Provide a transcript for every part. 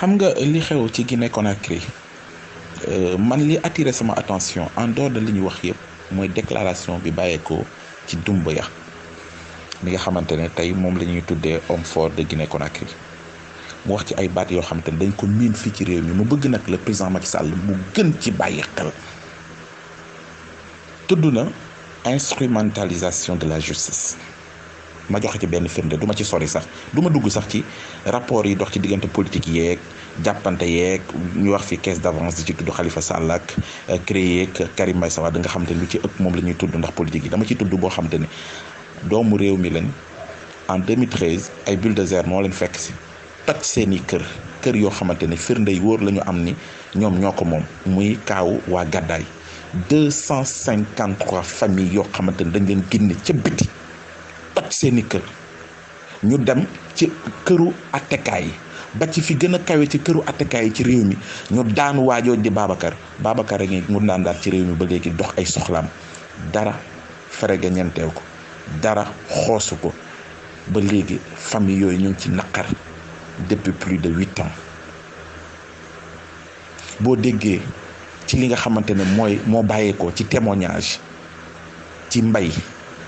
xam nga li xew ci Guinée Conakry euh, man li attiré sama attention en dehors de li ñu wax yëpp mooy déclaration bi bàyyeekoo ci Doumbouya mi nga xamante ne tey moom la ñuy tuddee homme fort de Guinée Conakry mu wax ci ay baat yoo xamante ne dañ ko miin fii ci réew mi mu bëgg nag la président Macky Sall mu gën ci bàyyi xel tudd na instrumentalisation de la justice. ma joxe ci benn firnde duma ci sori sax du dugg sax ci rapport yi dox ci diggante politique yeeg jàppante yeek ñu wax fi caisse d'avance di ci tudd xalifa Sall ak euh, CREI ak Karim Meïssa Wade nga xam te lu ci ëpp moom la ñuy tudd ndax politique yi dama ci tudd boo xam doomu réew mi lañ en 2013 ay bulldozer moo leen fekk si toj seen i kër kër yoo xamante ne firnde yi wóor la ñu am ni ñoom ñoo ko moom muy kaawu waa gàddaay 253 familles yoo xamante ne dañ leen génne ca biti toj seeni kër ñu dem ci këru attekaay ba fi gën a kawe ci këru attekaay yi ci réew mi ñu daan waajooj di Babacar Babacar a ngi mu ci réew mi ba dox ay soxlaam dara ferege ñenteew ko dara xoosu ko ba léegi famille yooyu ñu ngi ci naqar depuis plus de huit boo déggee ci li nga xamante ne mooy moo bàyyeekoo ci témoignage ci mbay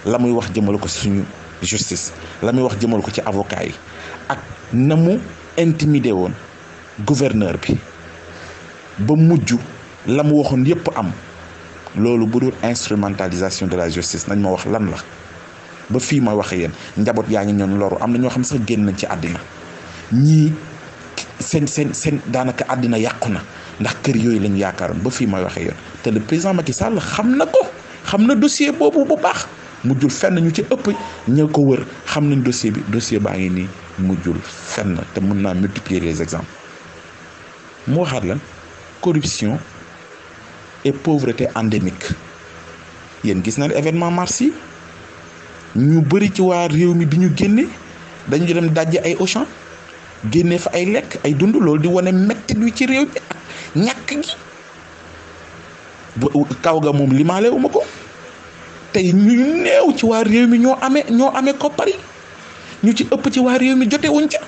la muy wax jëmale ko suñu justice la muy wax jëmal ko ci avocat yi ak na mu intimidé woon gouverneur bi ba mujj la mu waxoon yépp am loolu bu dul instrumentalisation de la justice nañ ma wax lan la ba fi ma waxe yéen njaboot yaa ngi ñoon loru am na ñoo xam sax génn nañ ci àddina ñii seen seen seen daanaka àddina yàqu na ndax kër yooyu lañ yaakaaroon ba fii may waxee yoon te le président Macky Sall xam na ko xam na dossier boobu bu baax mujjul fenn ñu ci ëpp ña ko wër xam nañ dossier bi dossier baa ngi nii mujjul fenn te mun naa multiplier les exemples mu waxaat lan corruption et pauvreté endémique yéen gis na événement mars ñu bëri ci waa réew mi bi ñu génne dañu dem dajj ay Auchan génne fa ay lekk ay dund loolu di wane metti lu ci réew mi ak ñàkk gi kaw ga moom limaale wu ko tey ñu néew ci waa réew mi ñoo amee ñoo amee koppar yi ñu ci ëpp ci waa réew mi jote wuñ ca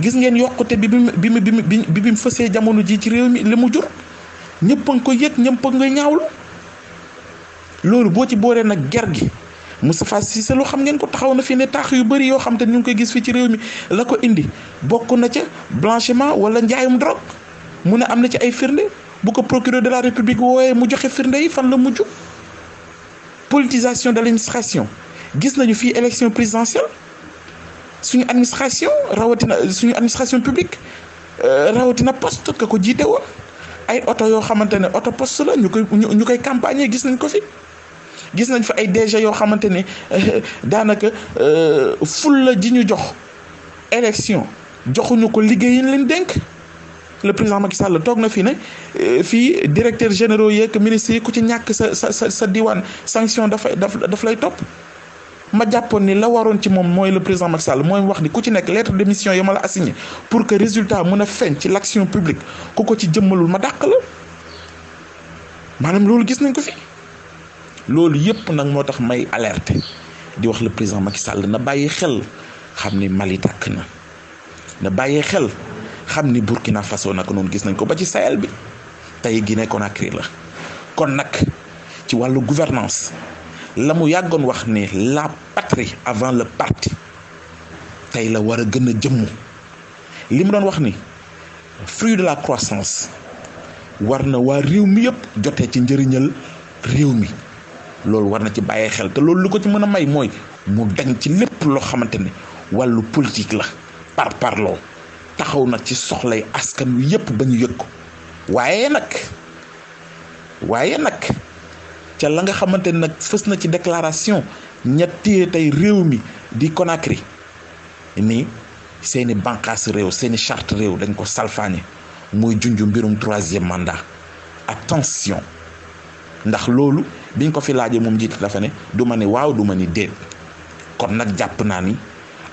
gis ngeen yokkute bi bi bi mu bi bi mu fësee jamono ji ci réew mi li mu jur ñëpp a ngi koy yëg ñëpp loolu boo ci booree nag ger gi Moustapha Cissé lu xam ngeen ko taxaw na fi ne taax yu bëri yoo xam te ñu ngi koy gis fii ci réew mi la ko indi bokk na ca blanchiment wala njaayum drogue mu ne am na ci ay firnde bu ko procureur de la république wooyee mu joxe firnde yi fan la mujj. politisation de l'administration gis nañu fii élection présidentielle suñu administration rawatina euh, suñu administration publique euh, rawatina poste ka ko jiite woon ay oto yoo xamante ne oto poste la ñu koy ñu koy campagne gis nañ ko fi gis nañ fi ay DG yoo xamante ne daanaka euh, fulla ji ñu jox élection joxuñu ko liggéey yi leen dénk le président Macky Sall toog na fii ne euh, fii directeur généraux yeeg ministres yi ku ci ñàkk sa sa sa sa diwaan sanction dafay daf daf lay topp ma jàppoon ni la waroon ci moom mooy le président Macky Sall mooy wax ni ku ci nekk lettre mission yi ma la assigné pour que résultat mën a feeñ ci l' action ku ko ci jëmmalul ma dàq la maanaam loolu gis nañ ko fi loolu yëpp nag moo tax may alerter di wax le président Macky Sall na bàyyi xel xam ni Mali tàkk na na bàyyi xel. xam ni Burkina Faso naka noonu gis nañ ko ba ci Sahel bi tey Guinée Conakry la kon nag ci wàllu gouvernance la mu yàggoon wax ni la patrie avant la parti tey la war a gën a jëmm li mu doon wax ni fruit de la croissance war na waa réew mi yëpp jotee ci njëriñal réew mi loolu war na ci bàyyee xel te loolu lu ko ci mën a may mooy mu dañ ci lépp loo xamante ni wàllu politique la par parloo taxaw na ci soxlay askan wi yépp ba ñu yëg ko waaye nag waaye nag ca la nga xamante nag fës na ci déclaration ñetti tey réew mi di Conakry ni seeni bànqaas réew seeni chart réew dañ ko salfaane muy junju mbirum troisième mandat attention ndax loolu biñ ko fi laajee moom jiite dafa ne du ma ni waaw du ma ni déet kon nag jàpp naa ni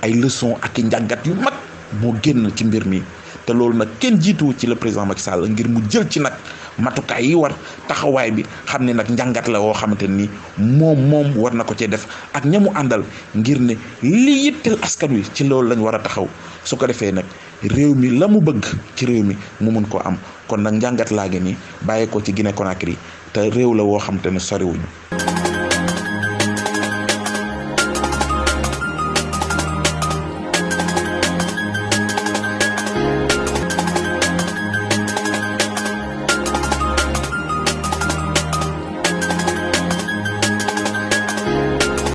ay leçon ak i yu mag moo génn ci mbir mi te loolu nag kenn jiituwu ci la président Macky Sall ngir mu jël ci nag matukaay yi war taxawaay bi xam ne nag njàngat la woo xamante nii moom moom war na ko cee def ak ñamu àndal ngir ne li yitteel askan wi ci loolu lañ war a taxaw su ko defee nag réew mi la mu bëgg ci réew mi mu mun koo am kon nag njàngat laa ngi nii bàyyi ko ci Guinée Conakry te réew la woo xamante ne soriwuñu